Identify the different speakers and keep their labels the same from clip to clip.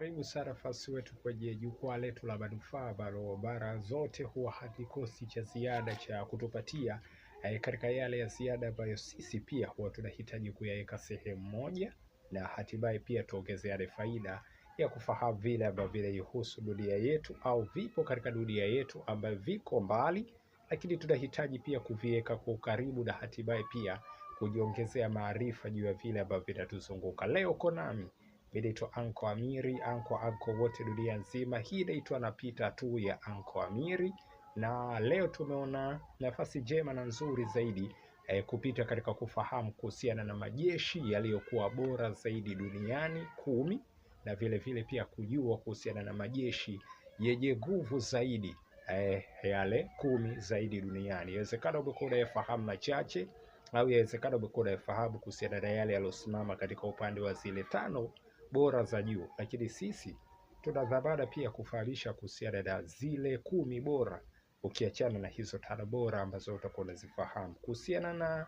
Speaker 1: Karibu sana fasi wetu kwenye jukwaa letu la manufaa ambalo mara zote huwa hakikosi cha ziada cha kutupatia eh, katika yale ya ziada ambayo sisi pia huwa tunahitaji kuyaweka sehemu moja, na hatimaye pia tuongezeane faida ya kufahamu vile ambavyo vinaihusu dunia yetu au vipo katika dunia yetu ambayo viko mbali, lakini tunahitaji pia kuviweka kwa ukaribu na hatimaye pia kujiongezea maarifa juu ya vile ambavyo vinatuzunguka. Leo uko nami inaitwa naitwa Anko Amiri, Anko Anko wote dunia nzima. Hii inaitwa napita tu ya Anko Amiri, na leo tumeona nafasi njema na nzuri zaidi eh, kupita katika kufahamu kuhusiana na majeshi yaliyokuwa bora zaidi duniani kumi, na vile vile pia kujua kuhusiana na majeshi yenye nguvu zaidi eh, yale kumi zaidi duniani. Inawezekana umekuwa unayefahamu machache au inawezekana umekuwa unayefahamu kuhusiana na yale yaliyosimama katika upande wa zile tano bora za juu, lakini sisi tuna dhamana pia kufahamisha kuhusiana na zile kumi bora, ukiachana na hizo tano bora ambazo utakuwa unazifahamu kuhusiana na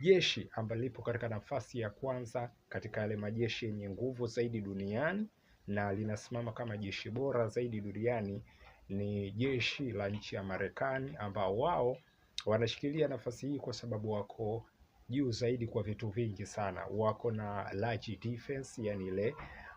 Speaker 1: jeshi ambalo lipo katika nafasi ya kwanza katika yale majeshi yenye nguvu zaidi duniani na linasimama kama jeshi bora zaidi duniani ni jeshi la nchi ya Marekani, ambao wao wanashikilia nafasi hii kwa sababu wako juu zaidi kwa vitu vingi sana. Wako na large defense, yani ile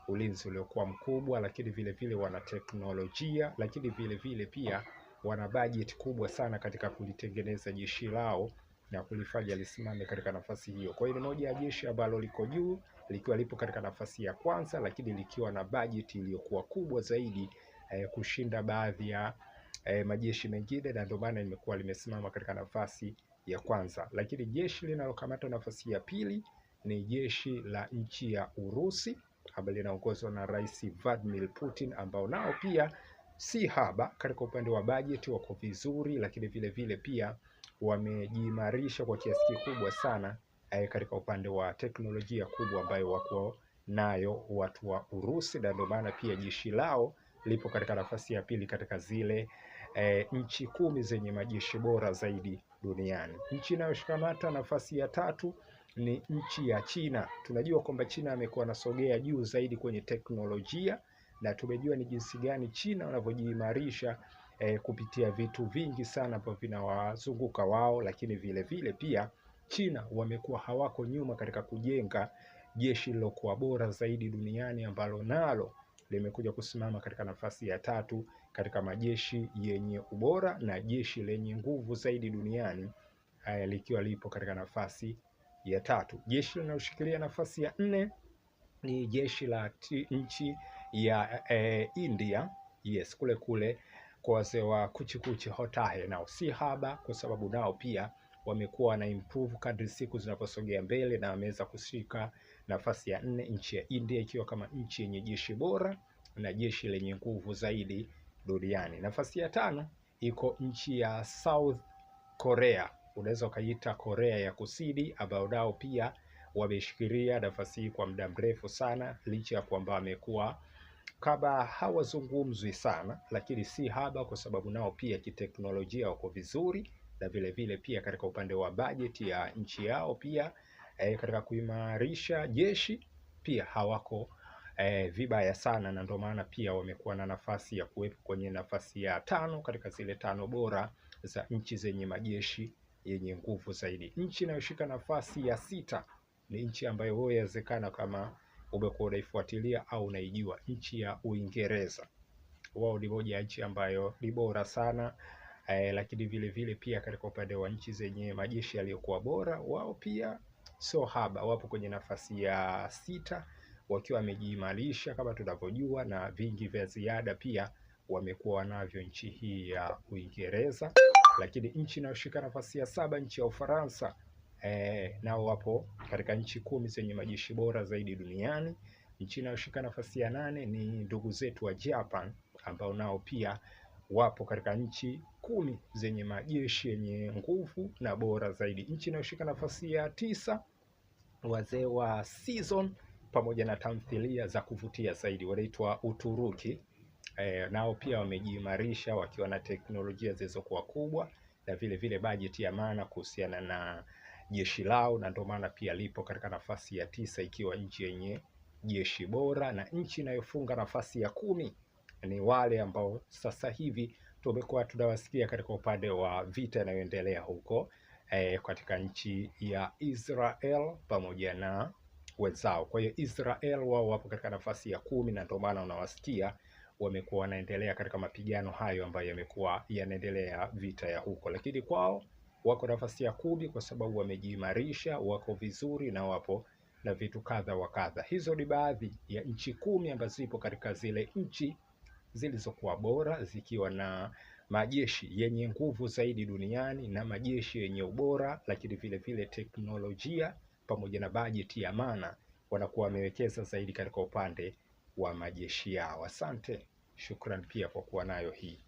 Speaker 1: ulinzi uliokuwa mkubwa, lakini vile vile wana teknolojia, lakini vile vile pia wana budget kubwa sana katika kulitengeneza jeshi lao na kulifanya lisimame katika nafasi hiyo. Kwa hiyo ni moja ya jeshi ambalo liko juu likiwa lipo katika nafasi ya kwanza, lakini likiwa na budget iliyokuwa kubwa zaidi eh, kushinda baadhi ya eh, majeshi mengine, na ndio maana limekuwa limesimama katika nafasi ya kwanza, lakini jeshi linalokamata nafasi ya pili ni jeshi la nchi ya Urusi ambalo linaongozwa na Rais Vladimir Putin, ambao nao pia si haba katika upande wa bajeti, wako vizuri, lakini vile vile pia wamejiimarisha kwa kiasi kikubwa sana eh, katika upande wa teknolojia kubwa ambayo wako nayo watu wa Urusi, na ndio maana pia jeshi lao lipo katika nafasi ya pili katika zile e, nchi kumi zenye majeshi bora zaidi duniani. Nchi inayoshikamata nafasi ya tatu ni nchi ya China. Tunajua kwamba China amekuwa anasogea juu zaidi kwenye teknolojia na tumejua ni jinsi gani China wanavyojiimarisha e, kupitia vitu vingi sana ambavyo vinawazunguka wao, lakini vile vile pia China wamekuwa hawako nyuma katika kujenga jeshi lilokuwa bora zaidi duniani ambalo nalo limekuja kusimama katika nafasi ya tatu katika majeshi yenye ubora na jeshi lenye nguvu zaidi duniani, haya likiwa lipo katika nafasi ya tatu. Jeshi linaloshikilia nafasi ya nne ni jeshi la nchi ya e, India, yes, kule kule kwa wazee wa kuchikuchi hotahe, nao si haba, kwa sababu nao pia wamekuwa wana improve kadri siku zinaposogea mbele, na wameweza kushika nafasi ya nne, nchi ya India ikiwa kama nchi yenye jeshi bora na jeshi lenye nguvu zaidi duniani. Nafasi ya tano iko nchi ya South Korea, unaweza ukaita Korea ya Kusini, ambao nao pia wameshikilia nafasi hii kwa muda mrefu sana, licha ya kwamba wamekuwa kama hawazungumzwi sana, lakini si haba, kwa sababu nao pia kiteknolojia wako vizuri na vile vile pia katika upande wa bajeti ya nchi yao pia eh, katika kuimarisha jeshi pia hawako eh, vibaya sana, na ndio maana pia wamekuwa na nafasi ya kuwepo kwenye nafasi ya tano katika zile tano bora za nchi zenye majeshi yenye nguvu zaidi. Nchi inayoshika nafasi ya sita ni nchi ambayo wewe yawezekana kama umekuwa unaifuatilia au unaijua, nchi ya Uingereza. Wao ni moja ya nchi ambayo ni bora sana eh, lakini vile vile pia katika upande wa nchi zenye majeshi yaliyokuwa bora, wao pia sio haba, wapo kwenye nafasi ya sita wakiwa wamejiimarisha kama tunavyojua, na vingi vya ziada pia wamekuwa navyo nchi hii ya Uingereza. Lakini nchi inayoshika nafasi ya saba, nchi ya Ufaransa, eh, nao wapo katika nchi kumi zenye majeshi bora zaidi duniani. Nchi inayoshika nafasi ya nane ni ndugu zetu wa Japan ambao nao pia wapo katika nchi kumi zenye majeshi yenye nguvu na bora zaidi. Nchi inayoshika nafasi ya tisa, wazee wa season pamoja na tamthilia za kuvutia zaidi wanaitwa Uturuki. E, nao pia wamejiimarisha wakiwa na teknolojia zilizokuwa kubwa na vile vile bajeti ya maana kuhusiana na jeshi lao, na ndio maana pia lipo katika nafasi ya tisa ikiwa nchi yenye jeshi bora na nchi inayofunga nafasi ya kumi ni wale ambao sasa hivi tumekuwa tunawasikia katika upande wa vita inayoendelea huko eh, katika nchi ya Israel pamoja na wenzao. Kwa hiyo Israel wao wapo katika nafasi ya kumi na ndio maana unawasikia wamekuwa wanaendelea katika mapigano hayo ambayo yamekuwa yanaendelea vita ya huko, lakini kwao wako nafasi ya kumi kwa sababu wamejiimarisha, wako vizuri na wapo na vitu kadha wa kadha. Hizo ni baadhi ya nchi kumi ambazo zipo katika zile nchi zilizokuwa bora zikiwa na majeshi yenye nguvu zaidi duniani na majeshi yenye ubora, lakini vile vile teknolojia pamoja na bajeti ya mana wanakuwa wamewekeza zaidi katika upande wa majeshi yao. Asante, shukran pia kwa kuwa nayo hii.